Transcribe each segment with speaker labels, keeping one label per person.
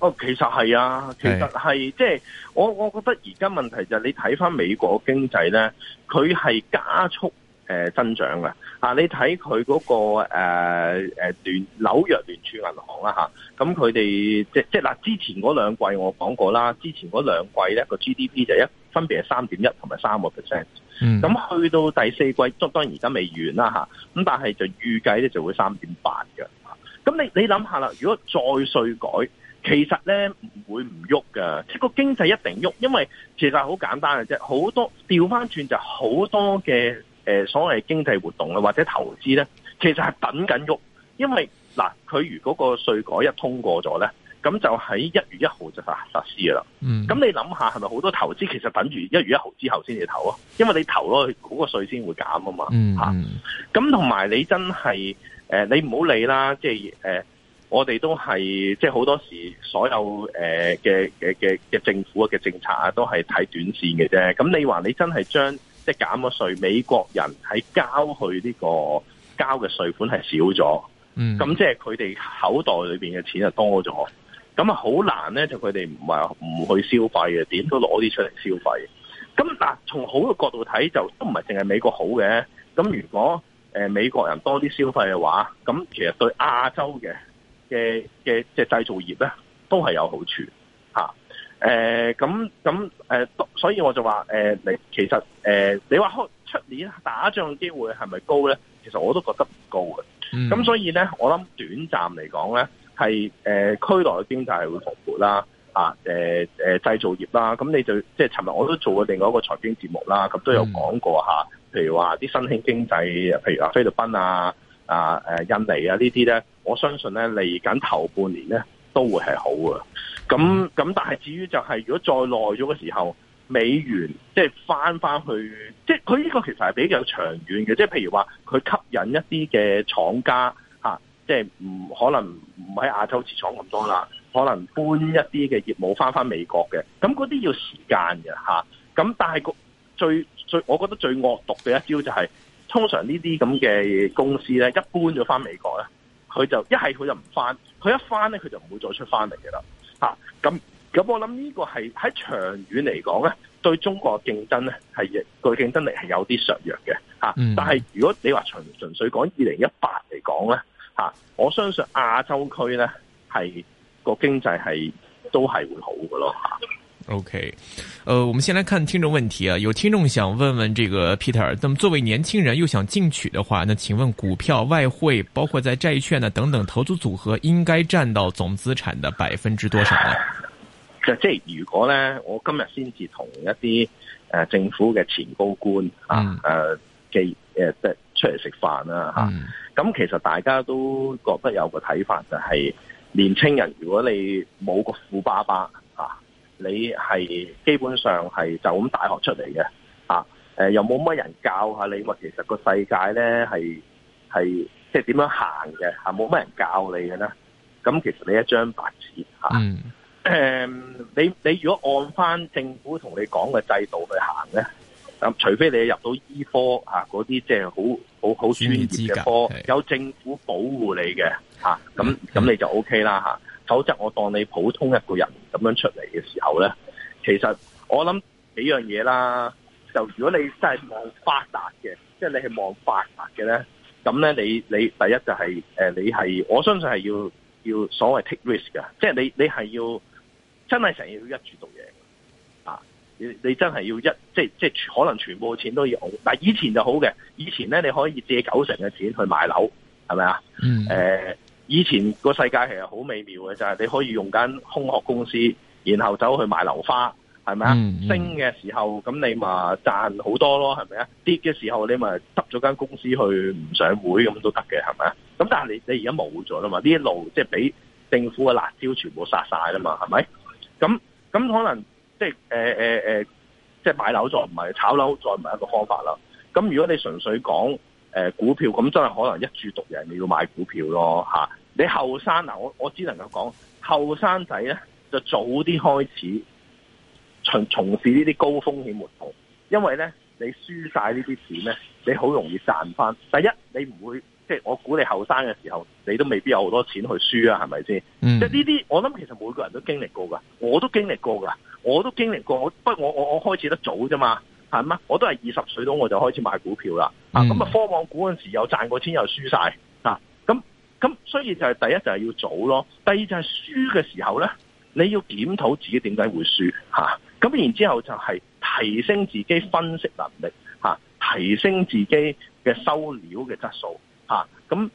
Speaker 1: 哦，其實係啊，其實係是即係我我覺得而家問題就係你睇翻美國經濟咧，佢係加速誒增長嘅嚇、啊。你睇佢嗰個誒誒、啊、聯紐約聯儲銀行啦嚇，咁佢哋即即嗱之前嗰兩季我講過啦，之前嗰兩季咧個 GDP 就一分別係三點一同埋三個 percent。
Speaker 2: 咁、嗯、去
Speaker 1: 到第四季，咁當然而家未完啦嚇，咁、啊、但係就預計咧就會三點八嘅。咁、啊、你你諗下啦，如果再稅改？其實咧唔會唔喐噶，即個經濟一定喐，因為其實好簡單嘅啫。好多調翻轉就好多嘅誒、呃，所謂經濟活動啦，或者投資咧，其實係等緊喐。因為嗱，佢如果個稅改一通過咗咧，咁就喺一月一號就實實施噶啦。咁、嗯、你諗下，係咪好多投資其實等住一月一號之後先至投啊？因為你投咗嗰、個稅先會減、嗯嗯、啊嘛。吓，咁同埋你真係誒、呃，你唔好理啦，即係誒。呃我哋都係即係好多時，所有誒嘅嘅嘅嘅政府嘅政策啊，都係睇短線嘅啫。咁你話你真係將即係減咗稅，美國人喺交去呢個交嘅稅款係少咗，咁即係佢哋口袋裏面嘅錢就多咗。咁啊好難咧，就佢哋唔話唔去消費嘅，點都攞啲出嚟消費。咁嗱，從好嘅角度睇，就都唔係淨係美國好嘅。咁如果、呃、美國人多啲消費嘅話，咁其實對亞洲嘅。嘅嘅即係製造業咧，都係有好處嚇咁咁，啊啊啊啊啊、所以我就話你，啊、其實，啊、你話出出年打仗機會係咪高咧？其實我都覺得唔高嘅。咁，嗯、所以咧，我諗短暫嚟講咧，係誒，呃、區內經濟係會復活啦。啊誒，呃呃、製造業啦，咁你就即係尋日我都做過另外一個財經節目啦，咁都有講過嚇。嗯、譬如話啲新興經濟，譬如話菲律賓啊啊誒、啊、印尼啊呢啲咧。我相信咧，嚟緊頭半年咧都會係好嘅。咁咁，但係至於就係、是、如果再耐咗嘅時候，美元即係翻翻去，即係佢呢個其實係比較長遠嘅。即、就、係、是、譬如話，佢吸引一啲嘅廠家吓，即係唔可能唔喺亞洲設廠咁多啦，可能搬一啲嘅業務翻翻美國嘅。咁嗰啲要時間嘅吓。咁、啊、但係個最最，我覺得最惡毒嘅一招就係、是，通常呢啲咁嘅公司咧，一搬咗翻美國咧。佢就，佢就佢一係佢就唔翻，佢一翻咧佢就唔會再出翻嚟嘅啦。咁、啊、咁我諗呢個係喺長遠嚟講咧，對中國競爭咧係個競爭力係有啲削弱嘅。吓、啊，但係如果你話純純粹講二零一八嚟講咧，吓、啊，我相信亞洲區咧係個經濟係都係
Speaker 3: 會好嘅咯。啊 OK，呃，okay. uh, 我們先來看聽眾問題啊，有聽眾想問問這個 Peter，咁作為年輕人又想進取的話，那請問股票、外匯，包括在債券呢等等投資組合，應該佔到總資產的百分之多少呢、
Speaker 1: 啊？就即係如果呢，我今日先至同一啲誒政府嘅前高官啊，誒嘅誒即出嚟食飯啦、啊、吓，咁、嗯啊、其實大家都覺得有個睇法就係，年輕人如果你冇個富爸爸啊。你係基本上係就咁大學出嚟嘅啊？又冇乜人教下你話其實個世界咧係係即係點樣行嘅？冇、啊、乜人教你嘅咧？咁其實你一張白紙、啊嗯、你你如果按翻政府同你講嘅制度去行咧，咁、啊、除非你入到醫科嗰啲即係好好好專業嘅科，有政府保護你嘅嚇，咁、啊、咁、嗯、你就 O、OK、K 啦否、啊、則我當你普通一個人。咁樣出嚟嘅時候咧，其實我諗幾樣嘢啦。就如果你真係望發達嘅，即係你係望發達嘅咧，咁咧你你第一就係、是、誒，你係我相信係要要所謂 take risk 㗎，即係你你係要真係成日要一注獨贏啊！你你真係要一即係即係可能全部錢都要，但以前就好嘅，以前咧你可以借九成嘅錢去買樓，係咪啊？嗯。誒。以前個世界其實好美妙嘅，就係你可以用一間空殼公司，然後走去買樓花，係咪啊？Mm hmm. 升嘅時候，咁你咪賺好多咯，係咪啊？跌嘅時候，你咪執咗間公司去唔上會咁都得嘅，係咪啊？咁但係你你而家冇咗啦嘛？呢一路即係俾政府嘅辣椒全部殺晒啦嘛，係咪？咁咁可能即係誒誒誒，即係、呃呃、買樓再唔係，炒樓再唔係一個方法啦。咁如果你純粹講誒、呃、股票，咁真係可能一注獨贏，你要買股票咯，嚇。你後生嗱，我我只能夠講後生仔咧，就早啲開始從從事呢啲高風險活動，因為咧你輸晒呢啲錢咧，你好容易賺翻。第一，你唔會即係我估你後生嘅時候，你都未必有好多錢去輸啊，係咪先？即係呢啲我諗，其實每個人都經歷過噶，我都經歷過噶，我都經歷過，我不過我我我開始得早啫嘛，係咪？我都係二十歲到我就開始買股票啦，咁啊、嗯嗯、科網股嗰陣時又賺過錢又輸晒。咁所以就係第一就係要早咯，第二就係輸嘅時候咧，你要檢討自己點解會輸吓，咁、啊、然之後就係提升自己分析能力吓、啊，提升自己嘅收料嘅質素吓，咁、啊、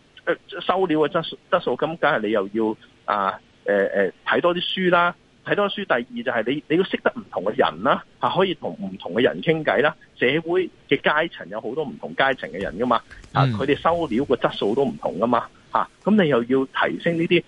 Speaker 1: 誒、啊、收料嘅質質素咁，梗係你又要啊誒誒睇多啲書啦。睇多書，第二就係你你要識得唔同嘅人啦，可以同唔同嘅人傾偈啦。社會嘅階層有好多唔同階層嘅人噶嘛。啊，佢哋收料個質素都唔同噶嘛，吓，啊，咁你又要提升呢啲，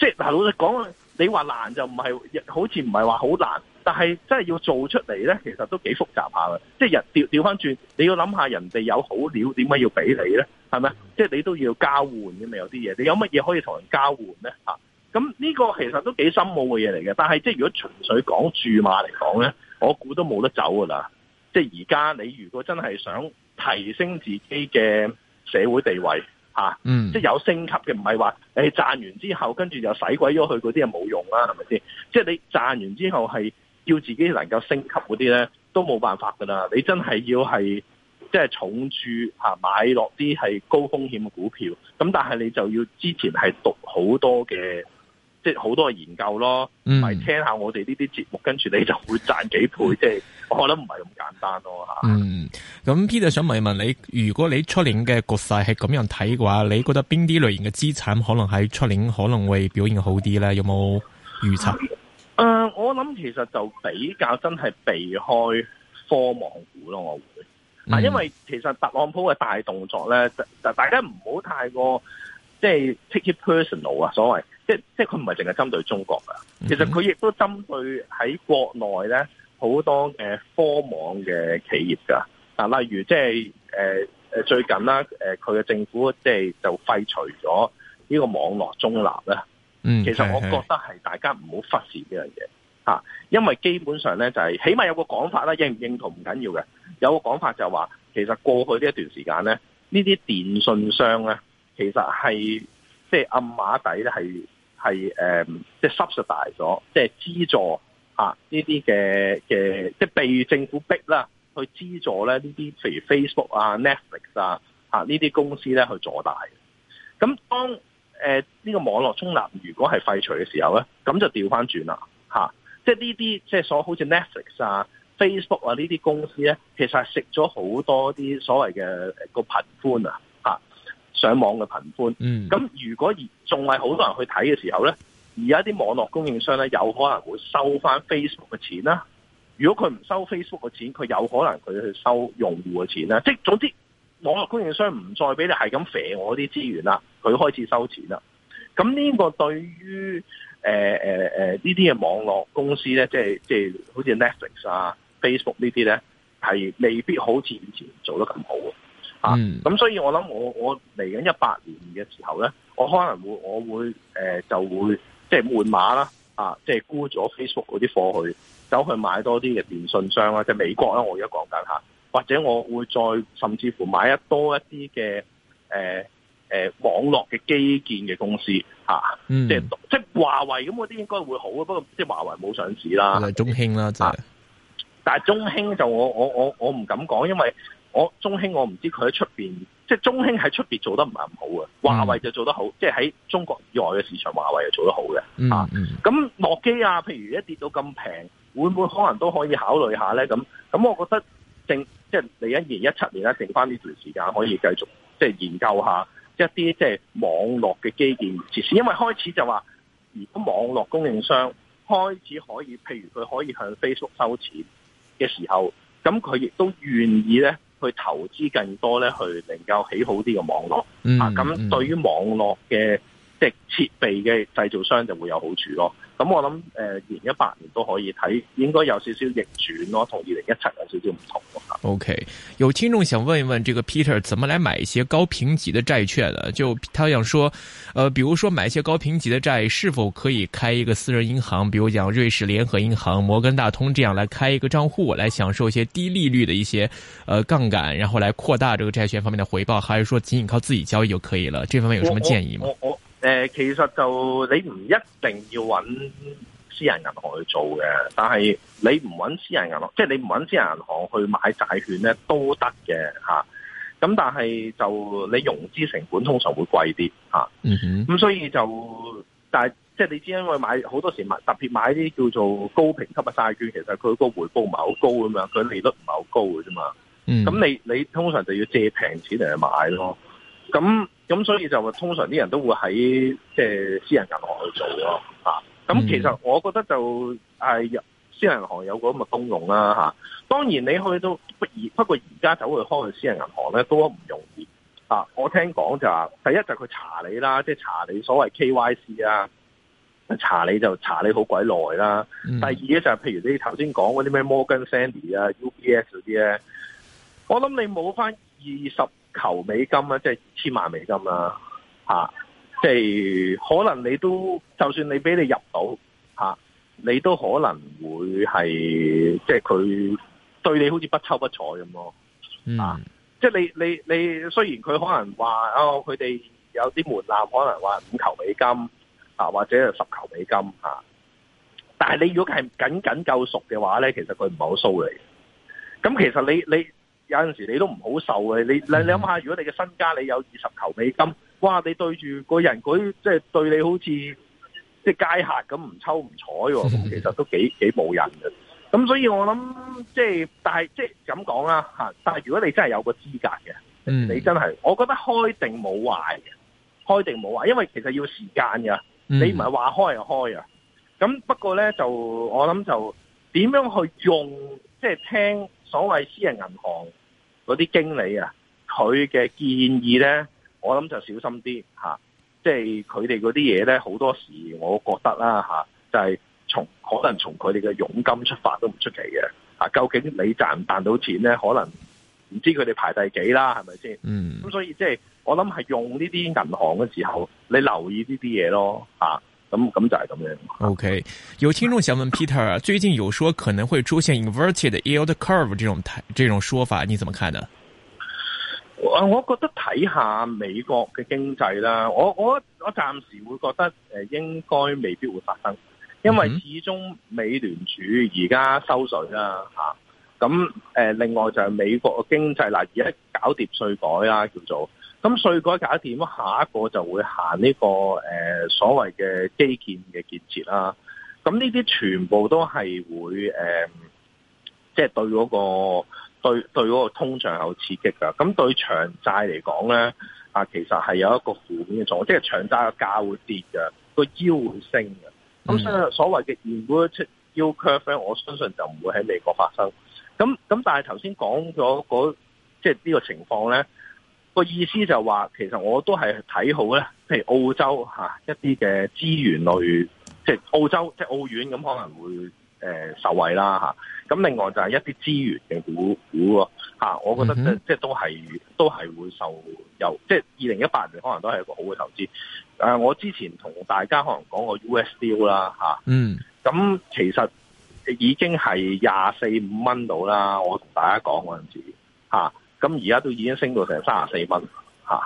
Speaker 1: 即係嗱，老實講，你話難就唔係，好似唔係話好難，但係真係要做出嚟咧，其實都幾複雜下嘅。即係人調調翻轉，你要諗下人哋有好料，點解要俾你咧？係咪？即係你都要交換嘅嘛？有啲嘢，你有乜嘢可以同人交換咧？吓？咁呢個其實都幾深奧嘅嘢嚟嘅，但係即係如果純粹講注碼嚟講咧，我估都冇得走㗎啦。即係而家你如果真係想提升自己嘅社會地位、啊嗯、即係有升級嘅，唔係話你賺完之後跟住又使鬼咗去嗰啲啊冇用啦，係咪先？即係你賺完之後係要自己能夠升級嗰啲咧，都冇辦法㗎啦。你真係要係即係重注嚇、啊、買落啲係高風險嘅股票，咁但係你就要之前係讀好多嘅。即係好多研究咯，唔係、嗯、聽下我哋呢啲節目，跟住你就會賺幾倍。即係 我覺得唔係咁簡單咯、啊、嗯，
Speaker 3: 咁 Peter 想問一問你，如果你出年嘅局勢係咁樣睇嘅話，你覺得邊啲類型嘅資產可能喺出年可能會表現好啲咧？有冇預測？
Speaker 1: 誒、呃，我諗其實就比較真係避開科網股咯。我會嗱，嗯、因為其實特朗普嘅大動作咧，就就大家唔好太過即係 take it personal 啊，所謂。即即佢唔係淨係針對中國噶，其實佢亦都針對喺國內咧好多誒、呃、科網嘅企業噶，嗱、啊、例如即係誒誒最近啦，誒佢嘅政府即係就廢除咗呢個網絡中立啦。嗯，
Speaker 2: 其實我覺得
Speaker 1: 係大家唔好忽視呢樣嘢吓，因為基本上咧就係、是、起碼有個講法啦，認唔認同唔緊要嘅，有個講法就話其實過去呢一段時間咧，這些呢啲電訊商咧其實係即係暗馬底咧係。係誒、呃，即係 subsidize 咗，即係資助吓呢啲嘅嘅，即係被政府逼啦去資助咧呢啲，譬如 Facebook 啊、Netflix 啊，吓呢啲公司咧去做大。咁當誒呢、呃這個網絡中立如果係廢除嘅時候咧，咁就調翻轉啦吓，即係呢啲即係所好似 Netflix 啊、Facebook 啊呢啲公司咧，其實係食咗好多啲所謂嘅、那個頻寬啊。上網嘅頻寬，咁如果而仲係好多人去睇嘅時候咧，而家啲網絡供應商咧有可能會收翻 Facebook 嘅錢啦。如果佢唔收 Facebook 嘅錢，佢有可能佢去收用戶嘅錢啦。即係總之，網絡供應商唔再俾你係咁肥我啲資源啦，佢開始收錢啦。咁呢個對於誒誒誒呢啲嘅網絡公司咧，即係即係好似 Netflix 啊、Facebook 呢啲咧，係未必好似以前做得咁好。咁、嗯、所以我諗，我我嚟緊一八年嘅時候咧，我可能會我會誒、呃、就會即係換馬啦，啊，即係沽咗 Facebook 嗰啲貨去，走去買多啲嘅電信商啦，即係美國啦。我而家講緊吓，或者我會再甚至乎買一多一啲嘅誒誒網絡嘅基建嘅公司吓，啊嗯、即係即係華為咁嗰啲應該會好啊，不過即係華為冇
Speaker 3: 上市啦，就係中興啦，啊、就係、是，
Speaker 1: 但係中興就我我我我唔敢講，因為。我中興我唔知佢喺出邊，即係中興喺出邊做得唔係咁好嘅，華為就做得好，嗯、即係喺中國以外嘅市場，華為就做得好嘅。
Speaker 2: 啊，
Speaker 1: 咁諾基亞，譬如一跌到咁平，會唔會可能都可以考慮下咧？咁，咁我覺得正，即係你一二一七年咧，剩翻呢段時間可以繼續即係研究下一啲即係網絡嘅基建設施，因為開始就話，如果網絡供應商開始可以，譬如佢可以向 Facebook 收錢嘅時候，咁佢亦都願意咧。去投資更多咧，去能夠起好啲嘅網絡、嗯嗯、啊！咁對於網絡嘅即係設備嘅製造商就會有好處咯。咁我諗，呃，二零一八年都可以睇，應該有少少逆轉咯，哦，同二零一七有少
Speaker 3: 少唔同，OK，有聽眾想問一問，這個 Peter，怎麼來買一些高評級的債券呢？就他想說，呃，比如說買一些高評級的債，是否可以開一個私人銀行，比如講瑞士聯合銀行、摩根大通這樣來開一個賬戶，來享受一些低利率的一些，誒，呃，槓桿，然後來擴大這個債券方面的回報，還是說僅僅靠自己交易就可以了？這方面有什麼建議嗎？
Speaker 1: 誒，其實就你唔一定要揾私人銀行去做嘅，但係你唔揾私人銀行，即係你唔揾私人銀行去買債券咧，都得嘅吓。咁但係就你融資成本通常會貴啲吓。嗯哼。咁所以就，但係即係你只因為買好多時買，特別買啲叫做高評級嘅債券，其實佢個回報唔係好高咁樣，佢利率唔係好高嘅啫嘛。嗯。咁你你通常就要借平錢嚟買咯。咁咁所以就通常啲人都會喺即係私人銀行去做咯、啊，嚇、啊。咁其實我覺得就係、是、私人銀行有個咁嘅功用啦、啊啊，當然你去到不而不過而家走去開去私人銀行咧都唔容易，啊！我聽講就話、是、第一就佢查你啦，即、就、係、是、查你所謂 KYC 啊，查你就查你好鬼耐啦。第二咧就係譬如你頭先講嗰啲咩摩根士丹利啊、UBS 嗰啲咧，我諗你冇翻二十，球美金啊，即係千萬美金啦，嚇、啊！即、就、係、是、可能你都，就算你俾你入到嚇、啊，你都可能會係即係佢對你好似不抽不睬咁咯。嗯，即係你你你雖然佢可能話哦，佢哋有啲門檻，可能話五球美金啊，或者十球美金嚇、啊，但係你如果係僅僅夠熟嘅話咧，其實佢唔係好騷你。咁其實你你。有陣時你都唔好受嘅，你你諗下，如果你嘅身家你有二十球美金，哇！你對住個人嗰啲，即係對你好似即係街客咁，唔抽唔睬喎，咁其實都幾幾冇癮。嘅咁所以我諗，即係但係即係咁講啦，吓！但係如果你真係有個資格嘅，嗯、你真係，我覺得開定冇壞嘅，開定冇壞，因為其實要時間噶，你唔係話開就開啊。咁不過咧，就我諗就點樣去用，即係聽所謂私人銀行。嗰啲經理啊，佢嘅建議咧，我諗就小心啲吓，即係佢哋嗰啲嘢咧，好多時我覺得啦吓，就係從可能從佢哋嘅佣金出發都唔出奇嘅吓，究竟你賺唔賺到錢咧，可能唔知佢哋排第幾啦，係咪先？嗯。咁所以即係我諗係用呢啲銀行嘅時候，你留意呢啲嘢咯吓。啊咁咁就
Speaker 3: 係咁樣。O、okay, K，有聽眾想問 Peter，、啊、最近有說可能會出現 inverted yield curve 這種這種說法，你點看呢？
Speaker 1: 我，我覺得睇下美國嘅經濟啦，我我我暫時會覺得誒應該未必會發生，因為始終美聯儲而家收水啦、啊、咁、啊啊呃、另外就係美國嘅經濟嗱而家搞掂稅改啦、啊、叫做。咁稅改搞掂，下一個就會行呢、這個誒、呃、所謂嘅基建嘅建設啦。咁呢啲全部都係會誒，即、呃、係、就是、對嗰、那個對對嗰個通脹有刺激㗎。咁對長債嚟講咧，啊其實係有一個負面嘅作用，即係長債嘅價會跌嘅，個腰會升嘅。咁所以所謂嘅 inverted yield curve 咧，我相信就唔會喺美國發生。咁咁但係頭先講咗嗰即係呢個情況咧。個意思就話，其實我都係睇好咧，譬如澳洲吓一啲嘅資源類，即係澳洲即係澳元，咁可能會誒受惠啦吓。咁另外就係一啲資源嘅股股咯吓，我覺得即即係都係都係會受有，即係二零一八年可能都係一個好嘅投資。誒，我之前同大家可能講過 USD 啦吓，咁其實已經係廿四五蚊到啦。我同大家講嗰陣時吓。咁而家都已經升到成三十四蚊，吓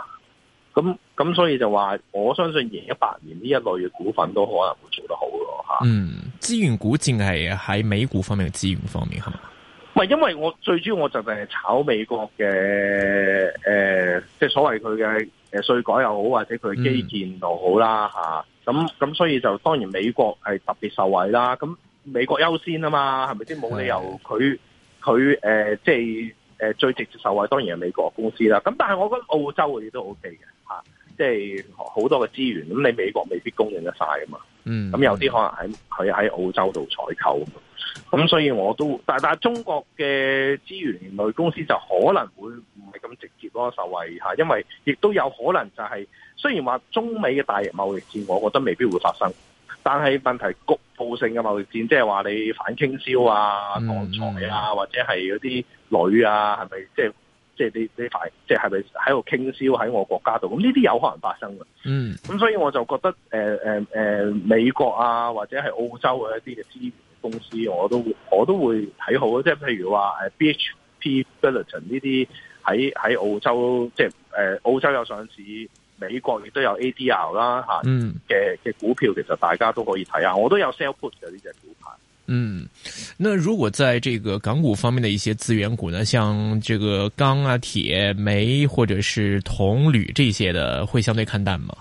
Speaker 1: 咁咁，所以就話我相信贏一百年呢一類嘅股份都可能會做得好咯，吓、啊。嗯，
Speaker 3: 資源股淨係喺美股方面，資源方面係嘛？
Speaker 1: 係，因為我最主要我就係炒美國嘅誒，即、呃、係、就是、所謂佢嘅誒稅改又好，或者佢基建又好啦，吓咁咁，嗯啊、所以就當然美國係特別受惠啦。咁美國優先啊嘛，係咪先，冇理由佢佢誒即係？的誒，最直接受惠當然係美國公司啦。咁但係我覺得澳洲嗰啲都 O K 嘅，嚇，即係好多嘅資源。咁你美國未必供應得晒啊嘛。嗯。咁有啲可能喺佢喺澳洲度採購。咁、嗯、所以我都，但係但係中國嘅資源類公司就可能會唔係咁直接咯，受惠嚇，因為亦都有可能就係、是，雖然話中美嘅大型貿易戰，我覺得未必會發生。但係問題局部性嘅貿易戰，即係話你反傾銷啊、鋼材啊，嗯嗯、或者係嗰啲鋁啊，係咪即係即係你你反，即係係咪喺度傾銷喺我國家度？咁呢啲有可能發生嘅。嗯，咁所以我就覺得誒誒、呃呃、美國啊，或者係澳洲嘅一啲嘅資源公司，我都我都會睇好。即係譬如話誒 BHP、Billiton 呢啲喺喺澳洲，即係誒澳洲有上市。美國亦都有 ADR 啦吓，嘅嘅股票，嗯、其實大家都可以睇下，我都有 sell put 嘅呢隻股票。
Speaker 3: 嗯,那如果在這個港股方面的一些資源股呢,像這個鋼啊、鐵、煤或者是銅、鋁這些的,會相對看淡嗎?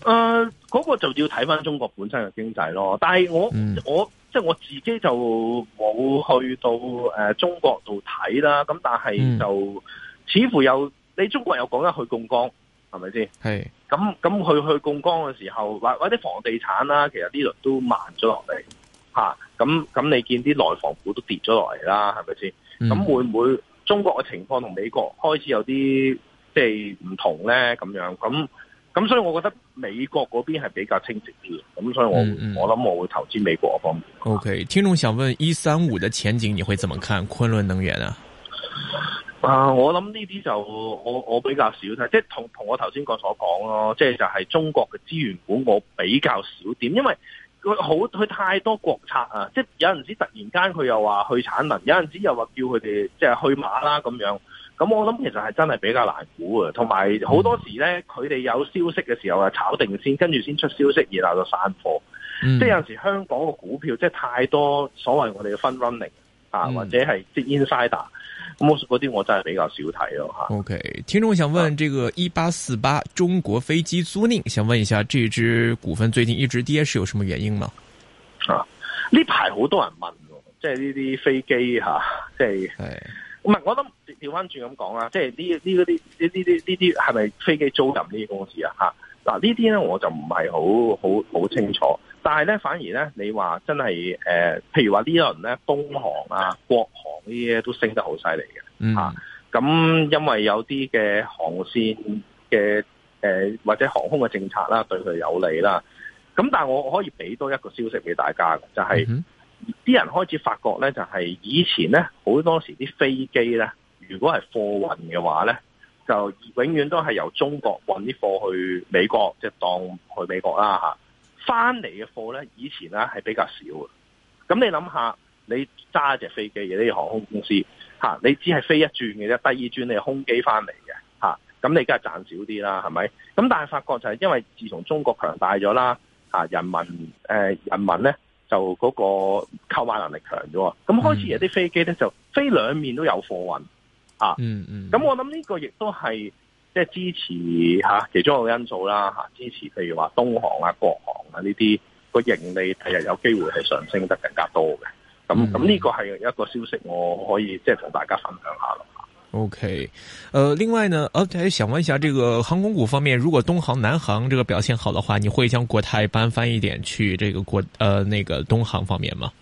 Speaker 3: 誒、
Speaker 1: 呃、嗰、那個就要睇翻中國本身嘅經濟咯。但係我、嗯、我即係、就是、我自己就冇去到誒、呃、中國度睇啦。咁但係就似乎有、嗯、你中國有講得去槓桿。係咪先？係咁咁，去去槓桿嘅時候，或或者房地產啦、啊，其實呢度都慢咗落嚟吓。咁、啊、咁，那那你見啲內房股都跌咗落嚟啦，係咪先？咁會唔會中國嘅情況同美國開始有啲即係唔同咧？咁樣咁咁，那那所以我覺得美國嗰邊係比較清晰啲。咁所以我我諗我會投資美國嗰方面
Speaker 3: 嗯嗯。O.K.，聽眾想問一三五嘅前景，你會怎麼看崑崙能源啊？
Speaker 1: 啊！我諗呢啲就我我比較少睇，即係同同我頭先講所講咯，即係就係中國嘅資源股，我比較少點，因為佢好佢太多國策啊！即係有陣時突然間佢又話去產能，有陣時又話叫佢哋即係去馬啦咁樣。咁我諗其實係真係比較難估啊！同埋好多時咧，佢哋有消息嘅時候啊，炒定先，跟住先出消息而，然後就散貨。即係有時香港嘅股票，即係太多所謂我哋嘅 front running 啊，嗯、或者係即 insider。咁我嗰啲我真係比較少睇咯
Speaker 3: 吓。OK，聽眾想問這個一八四八中國飛機租賃，想問一下這支股份最近一直跌是有什麼原因嗎？啊，呢排
Speaker 1: 好多人問，即係呢啲飛機吓、啊，即係，唔係、哎，我都調翻轉咁講啊，即係呢呢啲呢呢啲呢啲係咪飛機租賃呢啲公司啊吓？嗱呢啲咧我就唔係好好好清楚，但係咧反而咧你話真係誒、呃，譬如話呢一輪咧，東航啊，國航、啊。呢啲都升得好犀利嘅，咁、嗯啊、因為有啲嘅航線嘅、呃、或者航空嘅政策啦，對佢有利啦。咁但係我可以俾多一個消息俾大家嘅，就係啲、嗯哼、人開始發覺咧，就係以前咧好多時啲飛機咧，如果係貨運嘅話咧，就永遠都係由中國運啲貨去美國，即係當去美國啦吓，翻嚟嘅貨咧，以前咧係比較少嘅。咁你諗下？你揸隻飛機嘅啲航空公司嚇、啊，你只係飛一轉嘅啫，第二轉你係空機翻嚟嘅嚇，咁、啊、你梗係賺少啲啦，係咪？咁但係發覺就係因為自從中國強大咗啦，嚇、啊、人民誒、呃、人民咧就嗰個購買能力強咗，咁開始有啲飛機咧就飛兩面都有貨運嚇，嗯、啊、嗯，咁我諗呢個亦都係即係支持嚇、啊、其中一個因素啦嚇、啊，支持譬如話東航啊、國航啊呢啲個盈利係又有機會係上升得更加多嘅。咁咁呢個係一個消息，
Speaker 3: 我可以即係同大家分享一下咯。OK，呃，另外呢，呃，再想問一下，這個航空股方面，如果東航、南航這個表現好的話，你會將國泰搬翻一點去這個國，呃那個東航方面嗎？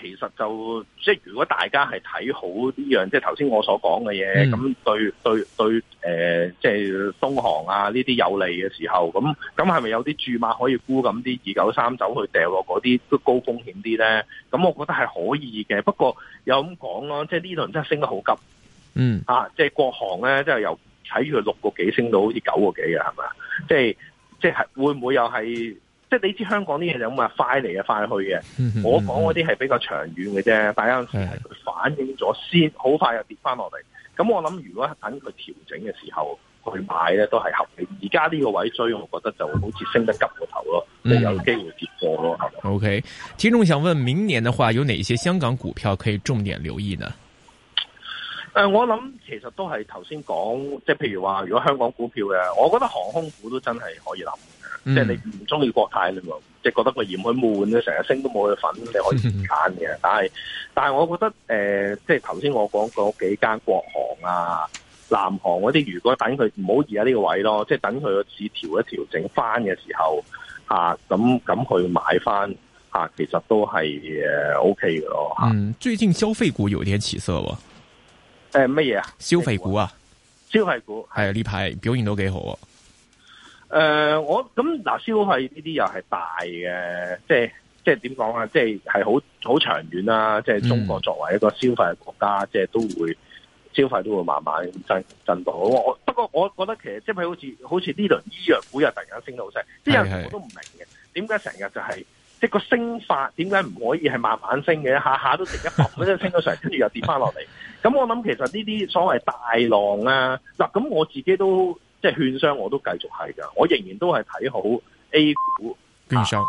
Speaker 1: 其實就即係如果大家係睇好呢樣，即係頭先我所講嘅嘢，咁對對對，誒、呃，即係東航啊呢啲有利嘅時候，咁咁係咪有啲注碼可以沽緊啲二九三走去掉落嗰啲都高風險啲咧？咁我覺得係可以嘅，不過有咁講咯，即係呢輪真係升得好急，
Speaker 2: 嗯
Speaker 1: 啊，即係國航咧，即係由睇住佢六個幾升到好似九個幾呀，係咪？即係即係會唔會又係？即係你知香港啲嘢就咁啊，快嚟嘅快去嘅。我講嗰啲係比較長遠嘅啫，大家反映咗先，好快又跌翻落嚟。咁我諗，如果等佢調整嘅時候去買咧，都係合理。而家呢個位追，我覺得就好似升得急過頭咯，嗯、即有機會跌過咯。
Speaker 3: OK，聽眾想問，明年嘅話，有哪些香港股票可以重點留意呢？
Speaker 1: 誒、呃，我諗其實都係頭先講，即係譬如話，如果香港股票嘅，我覺得航空股都真係可以諗。即係、嗯、你唔中意國泰你咪，即係覺得佢嫌佢悶咧，成日升都冇佢份，你可以唔揀嘅。但係但係，我覺得誒，即係頭先我講嗰幾間國航啊、南航嗰啲，如果等佢唔好而家呢個位咯，即、就、係、是、等佢個市調一調整翻嘅時候，吓咁咁去買翻吓、啊，其實都係誒 OK 嘅咯。嗯，
Speaker 3: 最近消費股有啲起色喎。誒、呃，乜嘢啊？消費股啊？
Speaker 1: 消費股
Speaker 3: 係、哎、啊？呢排表現都幾好。
Speaker 1: 誒、呃，我咁嗱，消費呢啲又係大嘅，即係即係點講啊？即係係好好長遠啦。即係中國作為一個消費嘅國家，嗯、即係都會消費都會慢慢震震盪。我不過我覺得其實即係好似好似呢輪醫藥股又突然間升得好犀利是、就是，即啲我都唔明嘅，點解成日就係即係個升法，點解唔可以係慢慢升嘅？ 升下下都成一百蚊，升咗上嚟，跟住又跌翻落嚟。咁我諗其實呢啲所謂大浪啊，嗱，咁我自己都。即係券商我都繼續係噶，我仍然都係睇好 A 股
Speaker 2: 券商。